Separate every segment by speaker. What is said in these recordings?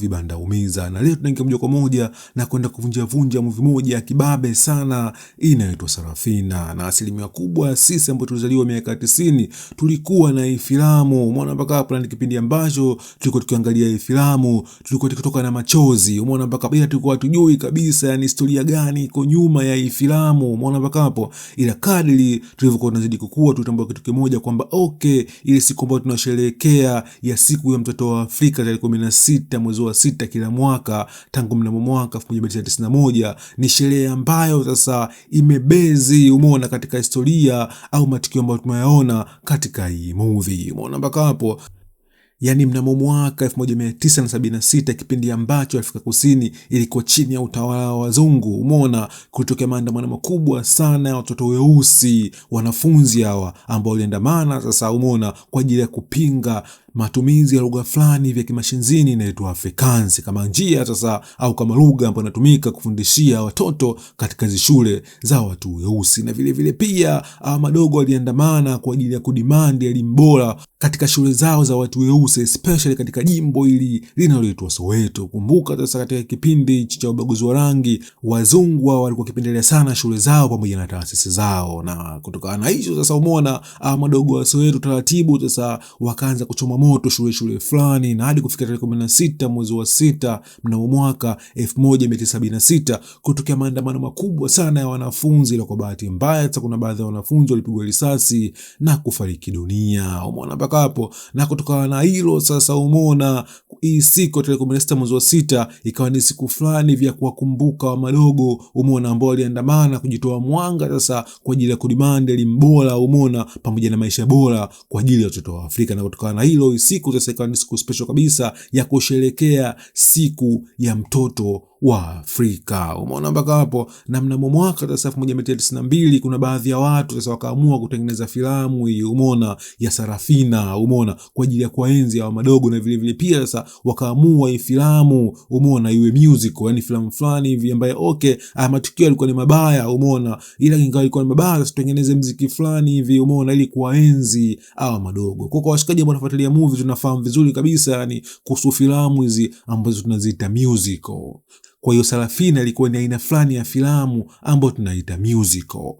Speaker 1: vibanda umiza, na leo tunaingia moja kwa moja na kwenda kuvunja vunja movie moja ya kibabe sana inaitwa Sarafina, na asilimia kubwa sisi ambao tulizaliwa miaka 90 tulikuwa na hii filamu. Umeona mpaka hapo ni kipindi ambacho tulikuwa tukiangalia hii filamu, tulikuwa tukitoka na machozi. Umeona mpaka bila tulikuwa hatujui kabisa yani historia gani iko nyuma ya hii filamu. Umeona mpaka hapo, ila kadri tulivyokuwa tunazidi kukua tutambua kitu kimoja kwamba okay, ile siku ambayo tunasherehekea ya siku ya mtoto wa Afrika tarehe 16 mwezi wa wa sita kila mwaka tangu mnamo mwaka 1991 ni sherehe ambayo sasa imebezi, umeona, katika historia au matukio ambayo tumeyaona katika hii movie, umeona mpaka hapo. Yaani, mnamo mwaka 1976 kipindi ambacho Afrika Kusini ilikuwa chini ya utawala wa wazungu, umeona, kutokea maandamano makubwa sana ya watoto weusi, wanafunzi hawa ambao waliandamana sasa, umeona, kwa ajili ya kupinga matumizi ya lugha fulani vya kimashinzini inaitwa Afrikaans kama njia sasa au kama lugha ambayo inatumika kufundishia watoto katika shule za watu weusi. Na vile vile pia ah, madogo waliandamana kwa ajili ya kudimandi elimu bora katika shule zao za watu weusi especially katika jimbo hili linaloitwa Soweto. Kumbuka sasa, katika kipindi cha ubaguzi wa rangi, wazungu walikuwa wakipendelea sana shule zao pamoja na taasisi zao, na kutokana na hicho sasa umeona ah, madogo wa Soweto taratibu sasa wakaanza kuchoma moto shule shule fulani na hadi kufika tarehe 16 mwezi wa sita mnamo mwaka 1976 kutokea maandamano makubwa sana ya wanafunzi, ila kwa bahati mbaya sasa kuna baadhi ya wanafunzi walipigwa risasi na kufariki dunia. Umeona mpaka hapo, na kutokana na hilo sasa umeona hii siku tarehe 16 mwezi wa sita ikawa ni siku fulani vya kuwakumbuka wa madogo, umona ambao waliandamana kujitoa mwanga sasa kwa ajili ya kudimanda elimu bora, umona pamoja na maisha bora kwa ajili ya watoto wa Afrika. Na kutokana na hilo, hii siku sasa ikawa ni siku special kabisa ya kusherekea siku ya mtoto wa Afrika. Umeona mpaka hapo, na mnamo mwaka sasa elfu moja mia tisa tisini na mbili kuna baadhi ya watu sasa wakaamua kutengeneza filamu hii, umeona, ya Sarafina, umeona, kwa ajili ya kuwaenzi hawa madogo, na vile vile pia sasa wakaamua hii filamu, umeona, iwe musical, yani filamu fulani hivi ambaye okay, haya matukio yalikuwa ni mabaya, umeona, ila ingawa ilikuwa ni mabaya, sasa tutengeneze mziki fulani hivi, umeona, ili kuwaenzi hawa madogo. Kwa kwa washikaji ambao wanafuatilia movie, tunafahamu vizuri kabisa yani kuhusu filamu hizi ambazo tunaziita musical. Kwa hiyo Sarafina ilikuwa ni aina fulani ya filamu ambayo tunaita musical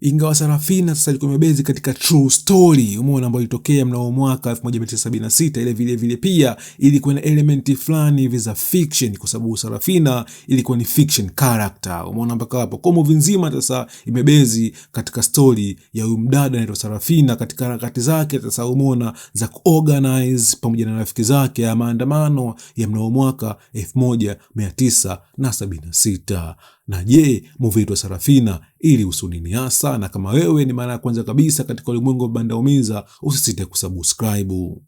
Speaker 1: ingawa Sarafina sasa ilikuwa imebezi katika true story, umeona, ambayo ilitokea mnamo mwaka 1976. Ile vile vile pia ilikuwa na elementi fulani hivi za fiction, kwa sababu Sarafina ilikuwa ni fiction character, umeona. Mpaka hapo kwa movie nzima sasa imebezi katika story ya huyu mdada anaitwa Sarafina, katika harakati zake sasa, umeona, za kuorganize pamoja na rafiki zake ya maandamano ya mnamo mwaka 1976 na je, muvi Sarafina ili usuniniasa hasa? Na kama wewe ni mara ya kwanza kabisa katika ulimwengu wa bandaumiza, usisite kusubscribe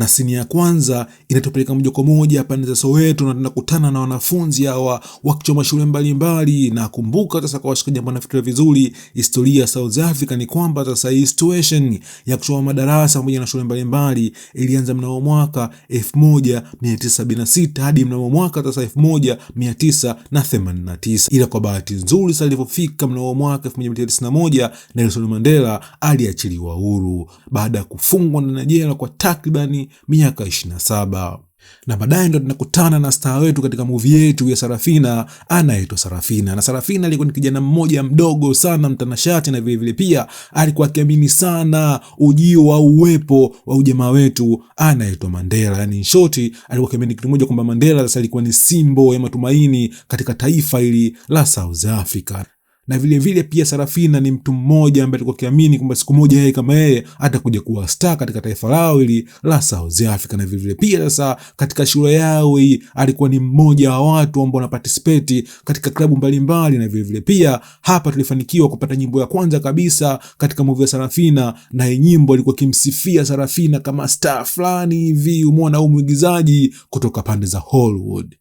Speaker 1: na sini ya kwanza inatupeleka moja kwa moja pande za Soweto na tunakutana na wanafunzi hawa wakichoma shule mbalimbali. Na kumbuka sasa, kwa washikaji ambao nafikiria vizuri historia ya South Africa ni kwamba sasa hii situation ya kuchoma madarasa pamoja na shule mbalimbali ilianza mnamo mwaka 1976 hadi mnamo mwaka sasa 1989, ila kwa bahati nzuri sasa ilipofika mnamo mwaka 1991 Nelson Mandela aliachiliwa huru baada ya kufungwa ndani ya jela kwa takribani miaka 27 na baadaye ndo tunakutana na staa wetu katika muvi yetu ya Sarafina anaitwa Sarafina. Na Sarafina alikuwa ni kijana mmoja mdogo sana mtanashati, na vilevile pia alikuwa akiamini sana ujio wa uwepo wa ujamaa wetu anaitwa Mandela. Yani short, alikuwa akiamini kitu moja kwamba Mandela sasa alikuwa ni simbo ya matumaini katika taifa hili la South Africa na vilevile vile pia Sarafina ni mtu mmoja ambaye alikuwa akiamini kwamba siku moja yeye kama yeye atakuja kuwa star katika taifa lao ili la South Africa, na vilevile pia sasa katika shule yao hii alikuwa ni mmoja wa watu ambao participate katika klabu mbalimbali, na vilevile pia hapa tulifanikiwa kupata nyimbo ya kwanza kabisa katika movie ya Sarafina, na hii nyimbo alikuwa kimsifia Sarafina kama star fulani hivi, umeona, au mwigizaji kutoka pande za Hollywood.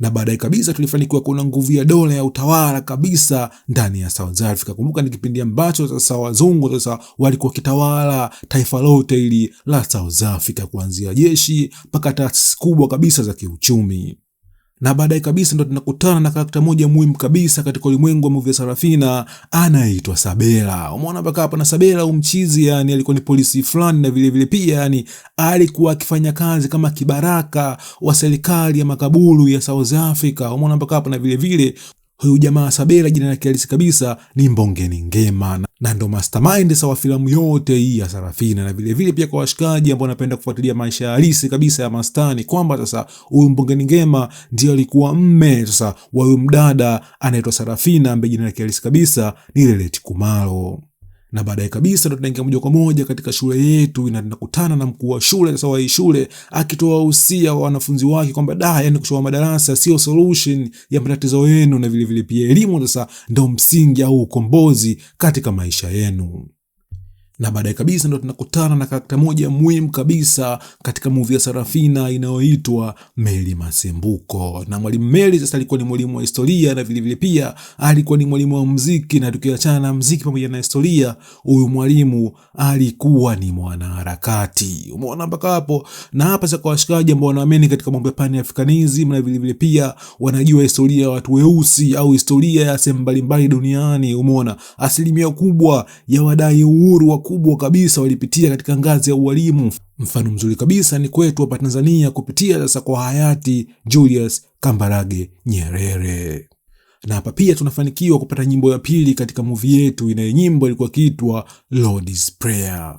Speaker 1: na baadaye kabisa tulifanikiwa kuona nguvu ya dola ya utawala kabisa ndani ya South Africa. Kumbuka ni kipindi ambacho sasa wazungu sasa walikuwa kitawala taifa lote hili la South Africa, kuanzia jeshi mpaka taasisi kubwa kabisa za kiuchumi na baadaye kabisa ndo tunakutana na karakta moja muhimu kabisa katika ulimwengu wa movie Sarafina, anaitwa Sabela. Umeona mpaka hapa na Sabela umchizi, yani alikuwa ni polisi fulani, na vile vile pia yani alikuwa akifanya kazi kama kibaraka wa serikali ya makaburu ya South Africa. Umeona mpaka hapa na vile vile Huyu jamaa Sabera jina lake halisi kabisa ni Mbongeni Ngema, na ndo mastermind sawa filamu yote hii ya Sarafina. Na vilevile vile pia kwa washikaji ambao wanapenda kufuatilia maisha halisi kabisa ya mastani, kwamba sasa huyu Mbongeni Ngema ndiye alikuwa mme sasa wa huyu mdada anaitwa Sarafina, ambaye jina lake halisi kabisa ni Lelet Kumalo na baadaye kabisa ndo tunaingia moja kwa moja katika shule yetu, na tunakutana na mkuu wa shule sasa wa shule akitoa usia wa wanafunzi wake kwamba da, yani kuchoma madarasa sio solution ya matatizo yenu, na vile vile pia elimu sasa ndo msingi au ukombozi katika maisha yenu na baadaye kabisa ndo tunakutana na karakta moja muhimu kabisa katika movie ya Sarafina inayoitwa Meli Masembuko. Na mwalimu Meli sasa alikuwa ni mwalimu wa historia na vilevile pia alikuwa ni mwalimu wa mziki, na tukiachana na mziki pamoja na historia, huyu mwalimu alikuwa ni mwanaharakati. Umeona mpaka hapo? Na hapa sasa kwa washikaji ambao wanaamini katika mambo ya Pan-Africanism na vilevile pia wanajua historia ya watu weusi au historia ya sehemu mbalimbali duniani, umeona asilimia kubwa ya wadai uhuru wa wakubwa kabisa walipitia katika ngazi ya ualimu. Mfano mzuri kabisa ni kwetu hapa Tanzania kupitia sasa kwa hayati Julius Kambarage Nyerere na hapa pia tunafanikiwa kupata nyimbo ya pili katika movie yetu, inayo nyimbo ilikuwa kitwa Lord's Prayer.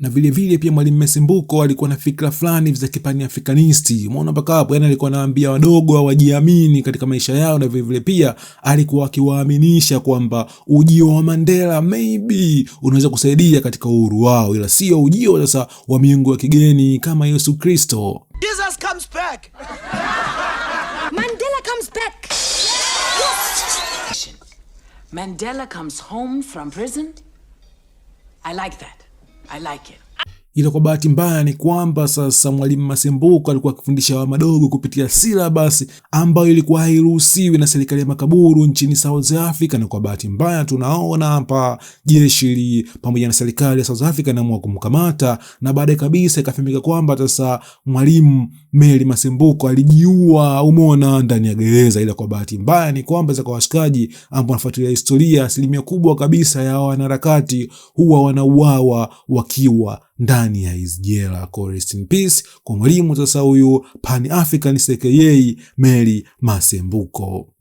Speaker 1: na vile vile pia Mwalimu Mesimbuko alikuwa na fikra fulani za kipaniafrikanisti. Umeona mpaka hapo, yani alikuwa anawaambia wadogo wajiamini katika maisha yao, na vile vile pia alikuwa akiwaaminisha kwamba ujio wa Mandela maybe unaweza kusaidia katika uhuru wao, ila sio ujio sasa wa miungu ya kigeni kama Yesu Kristo. Jesus comes back. Mandela comes back. Mandela comes home from prison. I like that. I like it. ila kwa bahati mbaya ni kwamba sasa Mwalimu Masembuko alikuwa akifundisha wa madogo kupitia silabasi ambayo ilikuwa hairuhusiwi na serikali ya makaburu nchini South Africa, na kwa bahati mbaya tunaona hapa jeshi pamoja na serikali ya South Africa inaamua kumkamata, na baadaye kabisa ikafanyika kwamba sasa Mwalimu Meli Masembuko alijiua, umeona, ndani ya gereza. Ila kwa bahati mbaya ni kwamba kwa washikaji ambao wanafuatilia historia, asilimia kubwa kabisa ya wanaharakati huwa wanauawa wakiwa ndani ya his jela. rest in peace kwa mwalimu sasa huyu Pan african sekeyei Mary Masembuko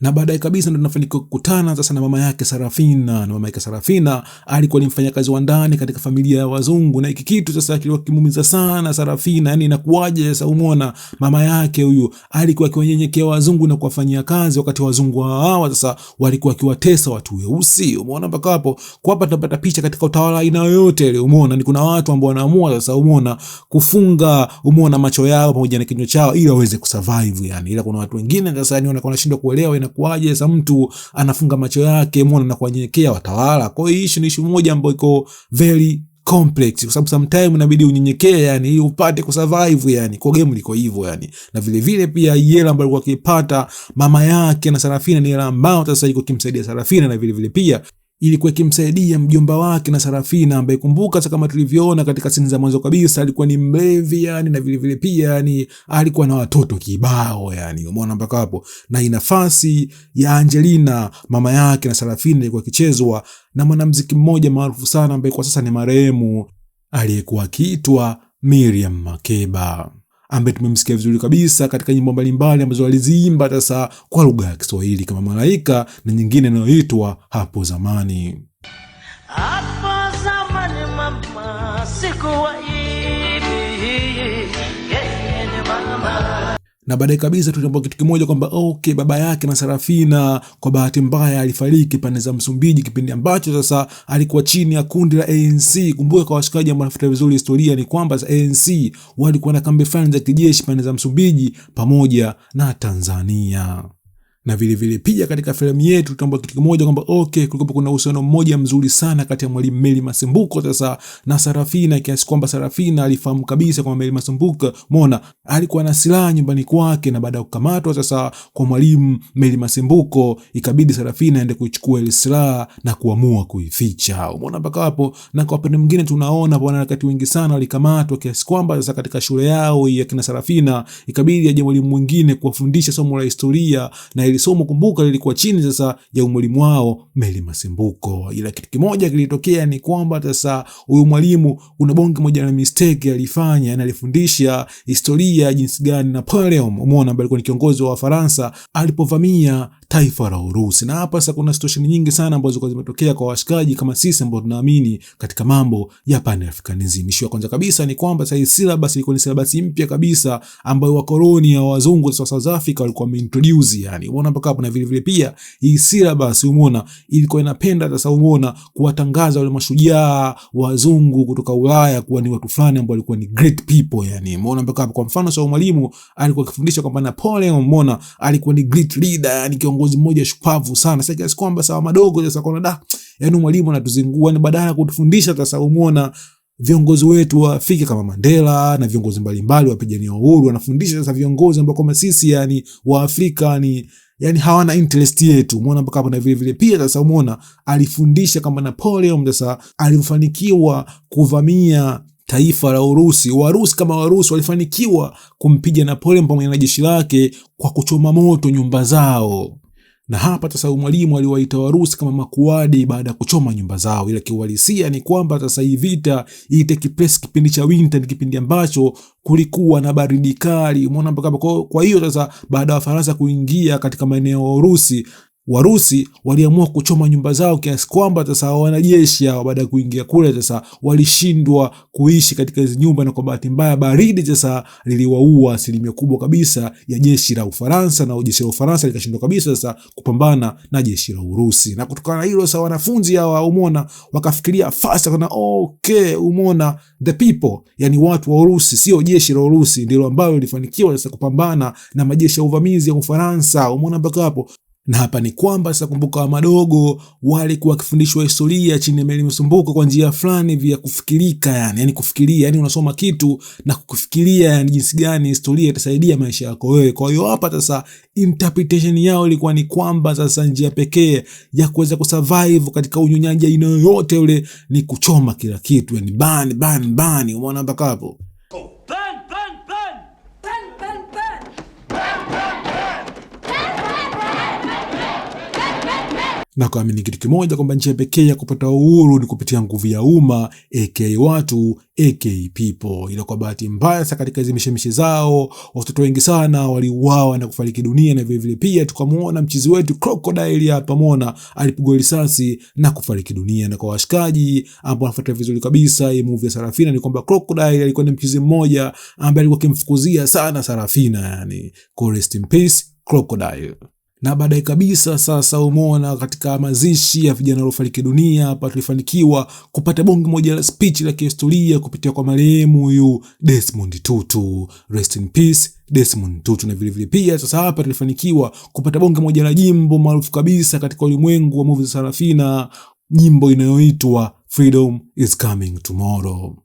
Speaker 1: na baadaye kabisa ndo nafanikiwa kukutana sasa na mama yake Sarafina. Na mama yake Sarafina alikuwa ni mfanyakazi wa ndani katika familia ya wazungu, na hiki kitu sasa kilikuwa kimumiza sana Sarafina. Yani inakuwaje sasa, umeona mama yake huyu alikuwa akiwanyenyekea wazungu na kuwafanyia kazi, wakati wazungu hawa sasa walikuwa akiwatesa watu weusi. Umeona mpaka hapo, kwa hapa tunapata picha katika utawala aina yoyote ile. Umeona ni kuna watu ambao wanaamua sasa, umeona kufunga, umeona macho yao pamoja na kinywa chao ili waweze kusurvive, yani ila kuna watu wengine sasa niona yaani wanashindwa kuelewa inakuwaje sasa mtu anafunga macho yake mona na kuwanyenyekea watawala. Kwa hiyo issue ni issue moja ambayo iko very complex kwa sababu sometimes inabidi unyenyekee, yani ili upate kusurvive yani. Kwa game liko hivyo yani, na vile vile pia hela ambayo alikuwa akipata mama yake na Sarafina ni hela ambayo sasa iko kimsaidia Sarafina, na vile vile pia ilikuwa ikimsaidia mjomba wake na Sarafina ambaye kumbuka kama tulivyoona katika sini za mwanzo kabisa, alikuwa ni mlevi yani, na vile vile pia yani alikuwa na watoto kibao yani, umeona mpaka hapo. Na nafasi ya Angelina mama yake na Sarafina ilikuwa ikichezwa na mwanamuziki mmoja maarufu sana ambaye kwa sasa ni marehemu, aliyekuwa akiitwa Miriam Makeba ambaye tumemsikia vizuri kabisa katika nyimbo mbalimbali ambazo aliziimba sasa kwa lugha ya Kiswahili kama Malaika na nyingine inayoitwa Hapo Zamani. Hapo zamani mama, sikuwahi na baadaye kabisa tutambua kitu kimoja kwamba okay, baba yake na Sarafina kwa bahati mbaya alifariki pande za Msumbiji, kipindi ambacho sasa alikuwa chini ya kundi la ANC. Kumbuka kwa washikaji ambao wanafuata vizuri historia ni kwamba ANC walikuwa na kambi fulani za kijeshi pande za Msumbiji pamoja na Tanzania na vile vile pia katika filamu yetu tutambua kitu kimoja kwamba okay, kulikuwa kuna uhusiano mmoja mzuri sana kati ya mwalimu Meli Masumbuko sasa na Sarafina, kiasi kwamba Sarafina alifahamu kabisa kwamba Meli Masumbuko mona alikuwa na silaha nyumbani kwake, na baada ya kukamatwa sasa kwa mwalimu Meli Masumbuko ikabidi Sarafina aende kuichukua ile silaha na kuamua kuificha. Umeona mpaka hapo. Na kwa upande mwingine tunaona wanaharakati wengi sana walikamatwa, kiasi kwamba sasa katika shule yao ya kina Sarafina ikabidi aje mwalimu mwingine kuwafundisha somo la historia na ili hili somo kumbuka, lilikuwa chini sasa ya umwalimu wao Meli masimbuko ila kitu kimoja kilitokea ni kwamba sasa huyu mwalimu kuna bonge moja na mistake alifanya, na alifundisha historia jinsi gani Napoleon, umeona, ambaye alikuwa ni kiongozi wa Wafaransa alipovamia taifa la Urusi. Na hapa sasa kuna situation nyingi sana ambazo zilikuwa zimetokea kwa washikaji kama sisi ambao tunaamini katika mambo ya Pan-Africanism. Issue ya kwanza kabisa ni kwamba sasa hii syllabus ilikuwa ni syllabus mpya kabisa ambayo wakoloni ya wazungu wa South Africa walikuwa wameintroduce yani. Umeona mpaka hapo na vile vile pia hii syllabus umeona ilikuwa inapenda sasa umeona kuwatangaza wale mashujaa wazungu kutoka Ulaya kuwa ni watu fulani ambao walikuwa ni great people yani. Umeona mpaka hapo kwa mfano sasa mwalimu alikuwa akifundisha kwamba Napoleon umeona alikuwa ni great leader yani kiongozi mmoja shupavu sana, sasa kiasi kwamba sawa madogo sasa kuna da, yaani mwalimu anatuzingua, ni yaani badala ya kutufundisha sasa umuona viongozi wetu wafike kama Mandela na viongozi mbalimbali wapigania uhuru, wanafundisha sasa viongozi ambao kama sisi yani wa Afrika ni yaani, yani hawana interest yetu, umeona mpaka hapo. Na vile vile pia sasa umeona alifundisha kama Napoleon sasa alifanikiwa kuvamia taifa la Urusi. Warusi kama Warusi walifanikiwa kumpiga Napoleon pamoja na jeshi lake kwa kuchoma moto nyumba zao. Na hapa sasa Mwalimu aliwaita Warusi kama makuadi baada ya kuchoma nyumba zao, ila kiuhalisia ni kwamba sasa hii vita iteki place kipindi cha winter, ni kipindi ambacho kulikuwa na baridi kali, umeona mpaka. Kwa hiyo sasa baada ya Wafaransa kuingia katika maeneo ya Urusi Warusi waliamua kuchoma nyumba zao kiasi kwamba sasa wanajeshi hao baada ya kuingia kule sasa walishindwa kuishi katika hizo nyumba, na kwa bahati mbaya baridi sasa liliwaua asilimia kubwa kabisa ya jeshi la Ufaransa, na jeshi la Ufaransa likashindwa kabisa sasa kupambana na jeshi la Urusi. Na kutokana na hilo sasa wanafunzi hawa umona wakafikiria fasta kana okay, umona the people, yani watu wa Urusi, sio jeshi la Urusi ndilo ambalo lilifanikiwa sasa kupambana na majeshi ya uvamizi ya Ufaransa. Umona mpaka hapo na hapa ni kwamba sasa, kumbuka, wa madogo walikuwa wakifundishwa historia chini ya Meli msumbuko kwa njia fulani vya kufikirika, yani yani kufikiria, yani unasoma kitu na kukufikiria yani jinsi gani historia itasaidia maisha yako wewe. Kwa hiyo hapa sasa interpretation yao ilikuwa ni kwamba sasa njia pekee ya kuweza kusurvive katika unyonyaji aina yoyote ule ni kuchoma kila kitu, yani ban ban ban, Umeona mpaka hapo? na kuamini kitu kimoja kwamba njia pekee ya kupata uhuru ni kupitia nguvu ya umma AK watu AK people. Ila kwa bahati mbaya sana, katika hizi mishemishe zao watoto wengi sana waliuawa na kufariki dunia, na vilevile pia tukamuona mchizi wetu Crocodile hapa, Mona alipigwa risasi na kufariki dunia. Na kwa washikaji ambao wanafuata vizuri kabisa hii movie ya Sarafina ni kwamba Crocodile alikuwa ni mchizi mmoja ambaye alikuwa akimfukuzia sana Sarafina, yani rest in peace Crocodile na baadaye kabisa sasa umeona katika mazishi ya vijana waliofariki dunia hapa tulifanikiwa kupata bonge moja la speech la kihistoria kupitia kwa marehemu huyu Desmond Tutu. Rest in peace Desmond Tutu. Na vilevile pia sasa hapa tulifanikiwa kupata bonge moja la jimbo maarufu kabisa katika ulimwengu wa movie za Sarafina, jimbo inayoitwa Freedom is coming tomorrow.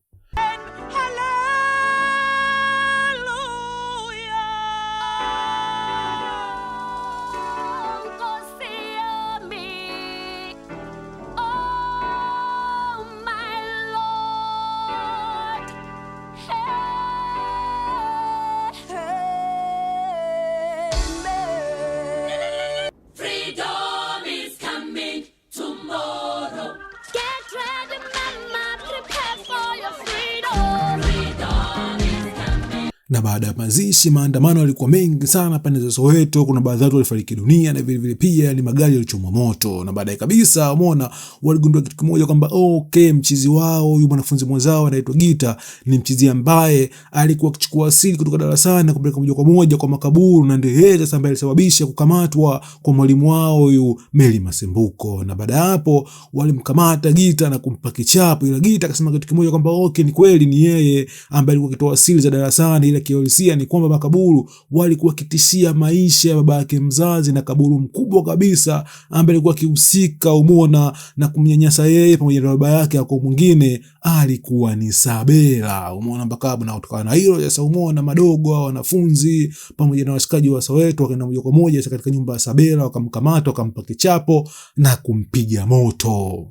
Speaker 1: na baada ya mazishi, maandamano yalikuwa mengi sana pande za Soweto. Kuna baadhi watu walifariki dunia na vile vile pia ni magari yalichomwa moto, na baadaye kabisa umeona waligundua kitu kimoja kwamba okay, mchizi wao yule mwanafunzi mwenzao anaitwa Gita ni mchizi ambaye alikuwa akichukua asili kutoka darasani na kupeleka moja kwa moja kwa makaburu, na ndiye yeye sasa ambaye alisababisha kukamatwa kwa mwalimu wao yu Meli Masembuko. Na baada hapo walimkamata Gita na kumpa kichapo, ila Gita akasema kitu kimoja kwamba okay, ni kweli ni yeye ambaye alikuwa akitoa asili za darasani ile kiholisia ni kwamba makaburu walikuwa kitishia maisha ya baba yake mzazi, na kaburu mkubwa kabisa ambaye alikuwa akihusika umona na kumnyanyasa yeye pamoja na baba yake ako mwingine alikuwa ni Sabela. umona mpaka na kutokana na hilo sasa, umona madogo wa wanafunzi pamoja na washikaji wa Soweto wakaenda moja kwa moja katika nyumba ya Sabela, wakamkamata wakampa kichapo na kumpiga moto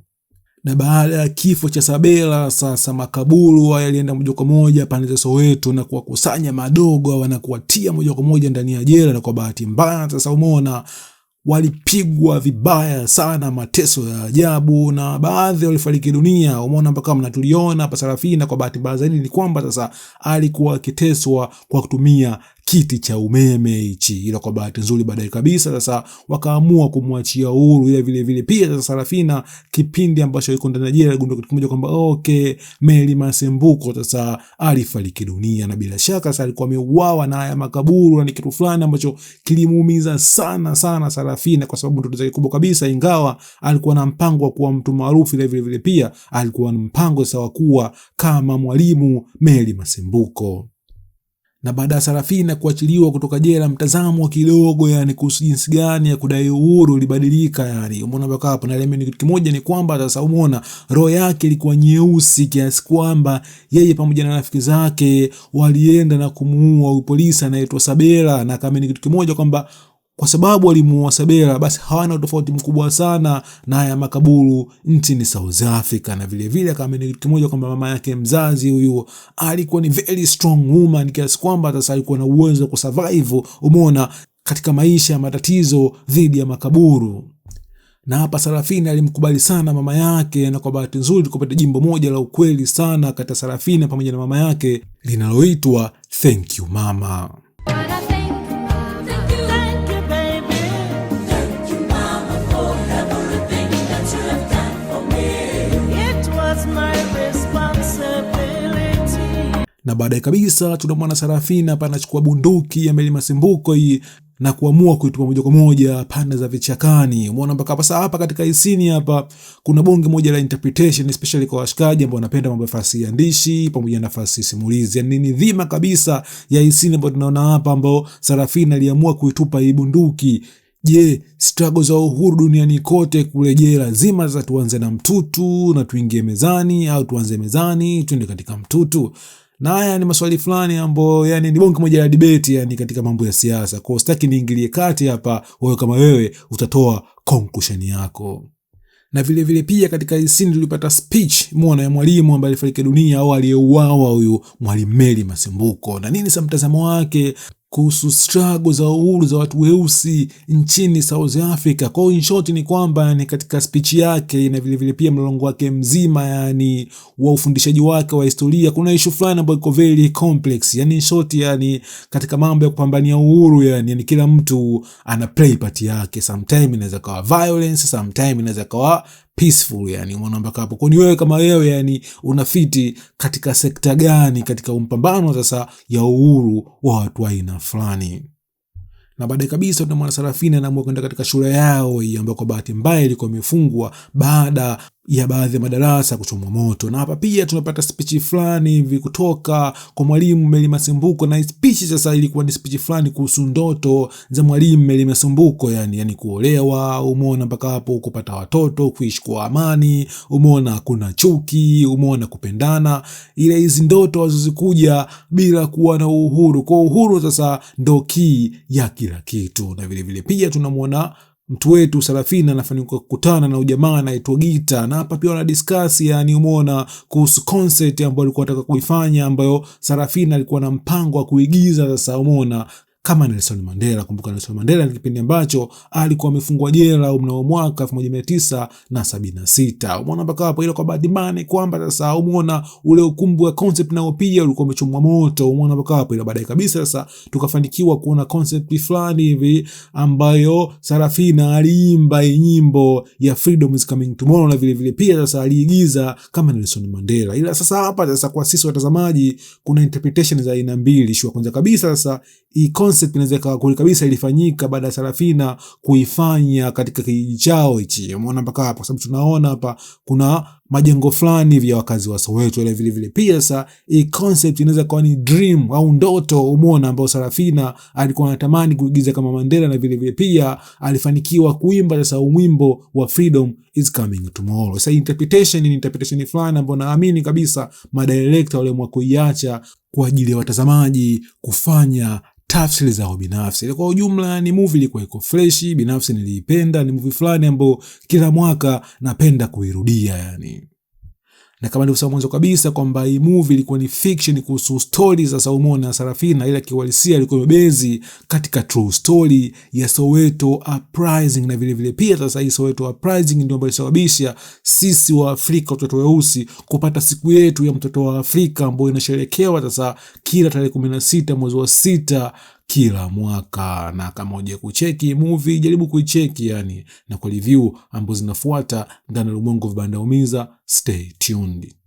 Speaker 1: na baada ya kifo cha Sabela sasa makaburu haya yalienda moja kwa moja pande za Soweto na kuwakusanya madogo wanakuwatia moja kwa moja ndani ya jela, na kwa bahati mbaya sasa umeona walipigwa vibaya sana, mateso ya ajabu, na baadhi walifariki dunia. Umeona mpaka kama tuliona hapa Sarafina, kwa bahati mbaya zaidi ni kwamba sasa alikuwa akiteswa kwa kutumia kiti cha umeme hichi, ila kwa bahati nzuri baadaye kabisa sasa wakaamua kumwachia uhuru. Ila vile vile pia sasa Sarafina kipindi ambacho yuko ndani ya jela aligundua kitu kimoja kwamba okay, Meli Masembuko sasa alifariki dunia na bila shaka sasa alikuwa ameuawa na haya makaburu, na ni kitu fulani ambacho kilimuumiza sana sana Sarafina, kwa sababu ndoto zake kubwa kabisa, ingawa alikuwa na mpango wa kuwa mtu maarufu, ila vile vile pia alikuwa na mpango sawa kuwa kama mwalimu Meli Masembuko na baada ya Sarafina kuachiliwa kutoka jela, mtazamo kidogo yani kuhusu jinsi gani ya kudai uhuru ulibadilika. Yani umeona mpaka hapo, na elementi kitu kimoja ni kwamba sasa umeona roho yake ilikuwa nyeusi kiasi kwamba yeye pamoja na rafiki zake walienda na kumuua polisi anaitwa Sabela, na kama ni kitu kimoja kwamba kwa sababu alimuua Sabela, basi hawana tofauti mkubwa sana na haya makaburu ni South Africa. Na vile vile kitu kimoja kwamba mama yake mzazi huyu alikuwa ni very strong woman, kiasi kwamba sasa alikuwa na uwezo wa kusurvive, umeona, katika maisha ya matatizo dhidi ya makaburu na hapa Sarafina alimkubali sana mama yake, na kwa bahati nzuri tukapata jimbo moja la ukweli sana kati ya Sarafina pamoja na mama yake linaloitwa Thank You Mama. na baadaye kabisa tunamwona Sarafina hapa anachukua bunduki ya Melima Simbuko hii na kuamua kuituma moja kwa moja pande za vichakani. Umeona mpaka hapa hapa katika isini hapa kuna bonge moja la interpretation especially kwa washikaji ambao wanapenda mambo ya fasihi andishi pamoja na fasihi simulizi. Yani ni dhima kabisa ya isini ambayo tunaona hapa ambao Sarafina aliamua kuitupa hii bunduki. Je, struggle za uhuru duniani kote kule, je, lazima sasa tuanze na mtutu na tuingie mezani au tuanze mezani tuende katika mtutu? na haya ni maswali fulani ambayo yani ni bonge moja ya debate yani katika mambo ya siasa. Kwa hiyo sitaki niingilie kati hapa, wewe kama wewe utatoa conclusion yako. Na vile vile pia katika isini tulipata speech muona ya mwalimu ambaye alifariki dunia au aliyeuawa huyu Mwalimu meli Masimbuko, na nini sa mtazamo wake kuhusu struggle za uhuru za watu weusi nchini South Africa. Kwa in short ni kwamba yani, katika speech yake na vilevile pia mlolongo wake mzima yani wa ufundishaji wake wa historia kuna issue fulani ambayo iko very complex. Yani in short yani, katika mambo ya kupambania uhuru yani, yani kila mtu ana play part yake. Sometimes inaweza kawa violence, sometimes inaweza kawa peaceful yani, umeona mpaka hapo. Kwani wewe kama wewe yani unafiti katika sekta gani katika mpambano sasa ya uhuru wa watu aina fulani? Na baadaye kabisa tuna mwana Sarafina anaamua kwenda katika shule yao hii ambayo kwa bahati mbaya ilikuwa imefungwa baada ya baadhi ya madarasa kuchomwa moto, na hapa pia tunapata spichi fulani hivi kutoka kwa mwalimu Mary Masumbuko, na spichi sasa ilikuwa ni spichi fulani kuhusu ndoto za mwalimu Mary Masumbuko, yani yani kuolewa, umeona mpaka hapo kupata watoto, kuishi kwa amani, umeona kuna chuki, umeona kupendana, ile hizi ndoto azozikuja bila kuwa na uhuru. Kwa uhuru sasa ndo kii ya kila kitu, na vilevile vile pia tunamwona mtu wetu Sarafina anafanikiwa kukutana na ujamaa anaitwa Gita, na hapa pia wana discuss, yani umeona kuhusu concert ambayo alikuwa anataka kuifanya, ambayo Sarafina alikuwa na mpango wa kuigiza. Sasa umeona kama Nelson Mandela. Kumbuka Nelson Mandela ni kipindi ambacho alikuwa amefungwa jela mnamo mwaka 1976. Umeona mpaka hapo, ile kwa bahati mbaya kwamba sasa, umeona ule ukumbi wa concept nao pia ulikuwa umechomwa moto. Umeona mpaka hapo, ile baadaye kabisa sasa tukafanikiwa kuona concept fulani hivi ambayo Sarafina aliimba nyimbo ya Freedom is Coming Tomorrow, na vile vile pia sasa aliigiza kama Nelson Mandela. Ila sasa hapa sasa, kwa sisi watazamaji, kuna interpretation za aina mbili. Shuka kwanza kabisa sasa hii concept inaweza ikawa kweli kabisa ilifanyika baada ya Sarafina kuifanya katika kijiji chao hichi. Umeona mpaka hapa, sababu tunaona hapa kuna majengo fulani vya wakazi wa Soweto ile vile vile. Pia sasa hii concept inaweza kuwa ni dream au ndoto, umeona, ambao Sarafina alikuwa anatamani kuigiza kama Mandela, na vile vile pia alifanikiwa kuimba sasa wimbo wa Freedom is coming tomorrow. Sasa interpretation ni interpretation fulani ambayo naamini kabisa madirector wale kuiacha kwa ajili ya watazamaji kufanya tafsiri zao binafsi. Kwa ujumla, ni movie ilikuwa iko fresh, binafsi niliipenda. Ni movie fulani ambayo kila mwaka napenda kuirudia yani na kama nilivyosema mwanzo kabisa kwamba hii movie ilikuwa ni fiction kuhusu stori za Saumon na Sarafina, ila kiuhalisia ilikuwa imebezi katika true story ya Soweto uprising. Na vile vile pia sasa hii Soweto uprising ndio ambayo ilisababisha sisi wa Afrika watoto weusi kupata siku yetu ya mtoto wa Afrika ambayo inasherekewa sasa kila tarehe 16 mwezi wa sita kila mwaka, na kama uje kucheki movie jaribu kuicheki yani, na kwa review ambazo zinafuata ndani ya ulimwengu wa vibanda umiza. Stay tuned.